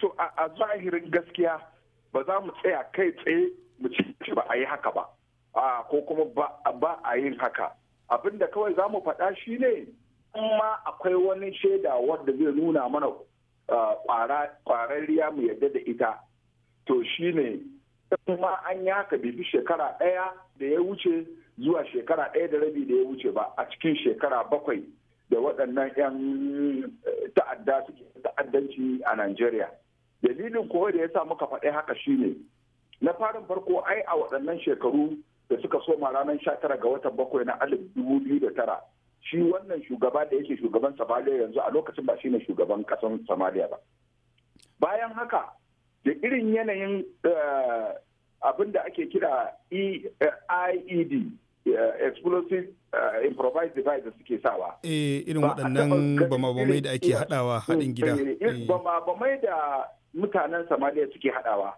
to a zahirin gaskiya ba za mu tsaya kai tsaye mu ci ba a yi haka ba ko kuma ba a yin haka abinda kawai za mu faɗa shi ne ma akwai wani shaida wanda zai nuna mana kwararriya mu yadda da ita to shi ne ma an yi haka bibi shekara ɗaya da ya wuce zuwa shekara ɗaya da rabi da ya wuce ba a cikin shekara bakwai da waɗannan 'yan eh, ta'adda ta'addanci a Najeriya. dalilin kowa da ya sa muka faɗi haka shine na farin farko ai a waɗannan shekaru da suka soma ranar sha tara ga watan bakwai na alif dubu biyu da tara shi wannan shugaba da yake shugaban samaliya yanzu a lokacin ba shine shugaban ƙasar samaliya ba bayan haka da irin yanayin eh, abin da ake kira e, eh, ied Eh, explosive eh, improvised device da suke sawa. Eh irin waɗannan bama-bamai da ake haɗawa haɗin gida. Eh. Bama-bamai da mutanen Somalia suke haɗawa.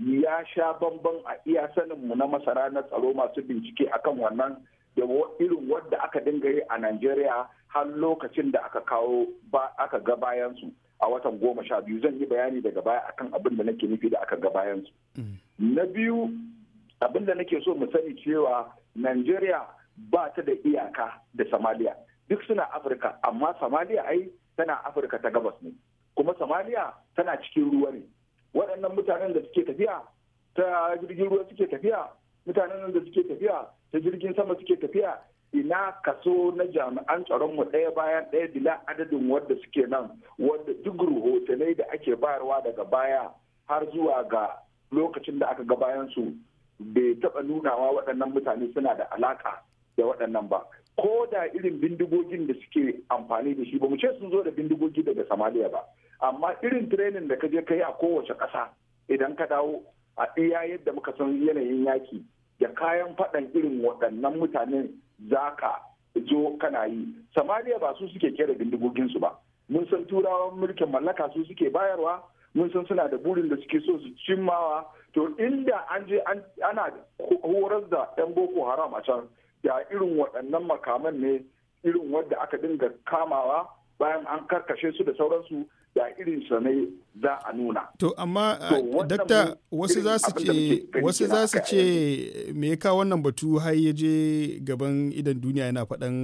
Ya sha bamban a iya saninmu na masara na tsaro masu bincike akan wannan da irin wadda aka dinga yi a Najeriya har lokacin da aka kawo ba aka ga bayansu a watan goma sha biyu zan yi bayani daga baya akan abin da nake nufi da aka ga bayansu. Mm. Na biyu abin da nake so mu sani cewa Najeriya ba ta da iyaka da Somalia duk suna Afirka amma Somalia ai tana Afirka ta gabas ne kuma Somalia tana cikin ruwa ne waɗannan mutanen da suke tafiya ta jirgin ruwa suke tafiya mutanen da suke tafiya ta jirgin sama suke tafiya ina kaso na jami'an tsaron mu ɗaya bayan ɗaya bila adadin wadda suke nan wadda duk rahotanai da ake bayarwa daga baya har zuwa ga lokacin da aka ga bayan su bai taɓa nunawa waɗannan mutane suna da alaƙa da waɗannan ba ko da irin bindigogin da suke amfani da shi ba mu ce sun zo da bindigogi daga samaliya ba amma irin tirenin da ka je ka yi a kowace ƙasa idan ka dawo a iya yadda muka san yanayin yaki da kayan faɗan irin waɗannan mutanen za ka zo kana yi samariya ba su suke kera su ba mun san turawan mulkin mallaka su suke bayarwa mun san suna da burin da suke so su cimmawa to inda an je ana horar da 'yan boko haram a can ya irin waɗannan makaman ne irin wadda aka dinga kamawa bayan an karkashe su da sauransu da irin sa ne za a nuna. To amma dakta wasu za su ce wasu za su ce me ya kawo wannan batu har ya je gaban idan duniya yana faɗan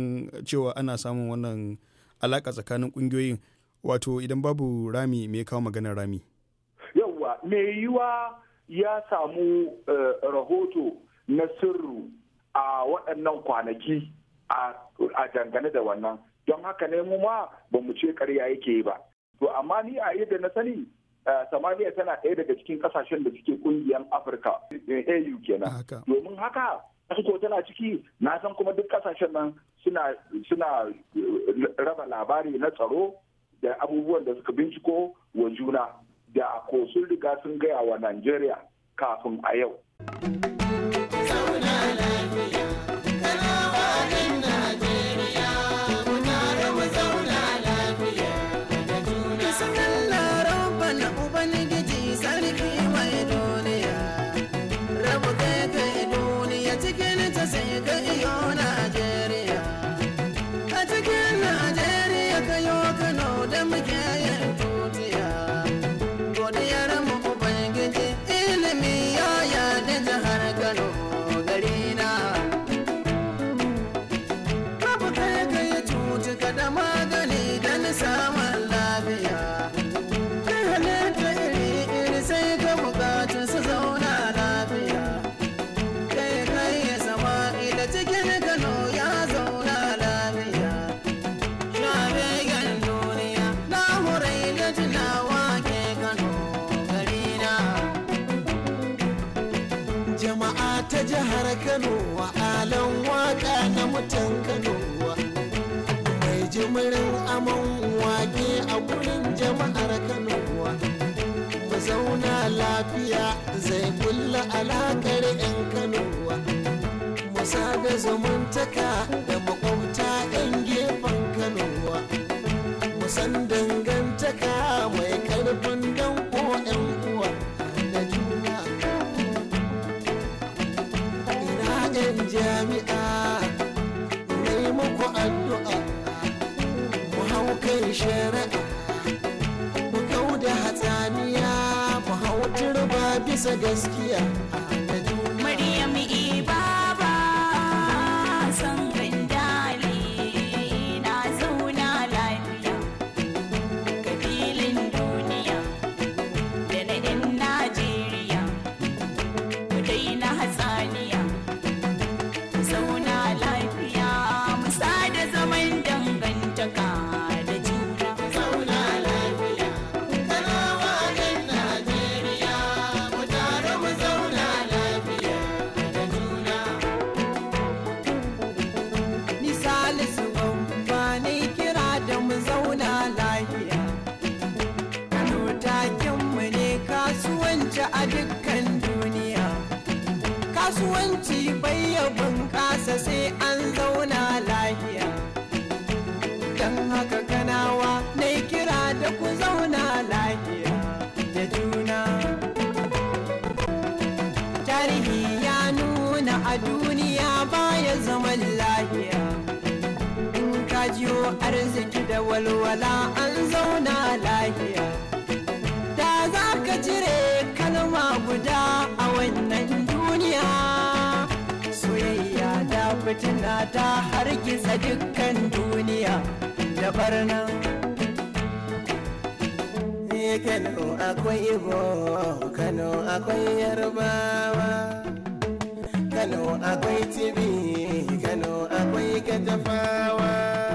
cewa ana samun wannan alaka tsakanin ƙungiyoyin wato idan babu rami me ya kawo maganar rami. Yawwa me yiwa ya samu eh, rahoto na sirru a waɗannan kwanaki a dangane da wannan don haka ne mu ma ba mu ce karya yake ba to amma ni a yadda na sani eh, samaniya tana ɗaya daga cikin kasashen da suke ƙungiyar afirka eh, au kenan domin haka ko tana ciki na san kuma duk ƙasashen nan suna suna raba labari na tsaro da abubuwan da suka binciko wa juna da ko sun riga sun gaya wa Najeriya kafin a yau. Yeah. wa alan waka na mutan kanowa mai jimirin aman wake a gurin jama'ar kanowa ba zauna lafiya zai kulla alakar 'yan kanowa musa da zamantaka da makwabta 'yan gefen kanowa musan dangane bisa gaskiya musibai ya bunƙasa sai an zauna lafiya don haka kanawa na kira da ku zauna lafiya da juna tarihi ya nuna a duniya baya zaman lafiya in ka arziki da walwala an zauna lafiya fitina ta hargitsa dukkan duniya da barna Kano akwai Igbo, Kano akwai Yarbawa, Kano akwai Tibi, Kano akwai Katafawa.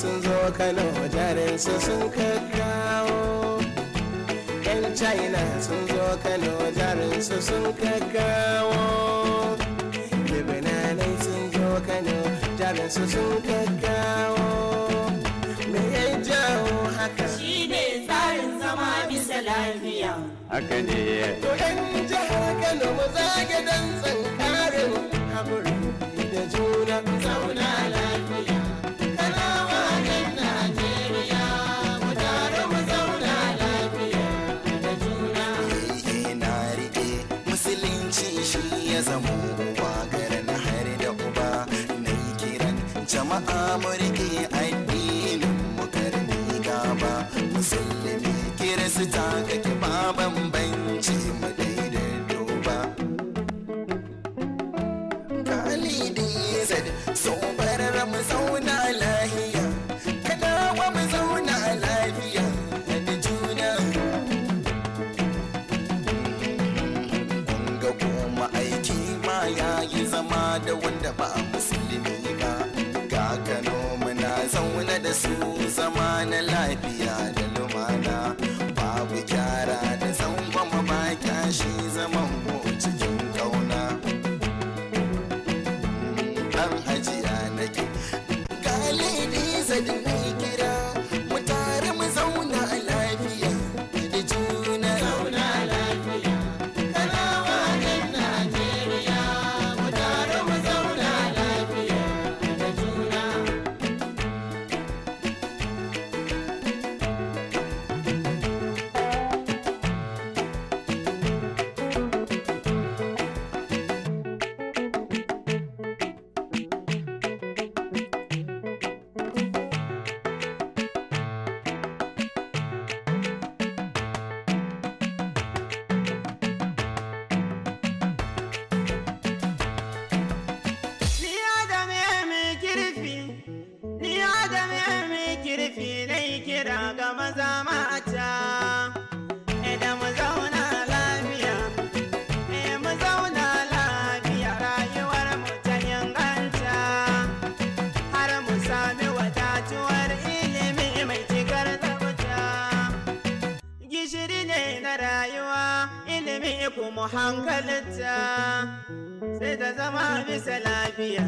sun zo kano jarinsu sun kakkawo yan china sun zo kano jarinsu sun kakkawo libinanai sun zo kano jarinsu su sun kakkawo me ya jawo haka shi ne tsarin zama bisa lafiya haka ne to yan jihar kano mu zage dan tsankarin haƙuri da juna amor. da wanda ba musulmi ba ga kano muna zaune da su zama na lafiya da lumana babu gyara da zangon ba kyashi zaman mu cikin kauna dan mm, hajiya nake galibi hankalinta sai ta zama bisa lafiya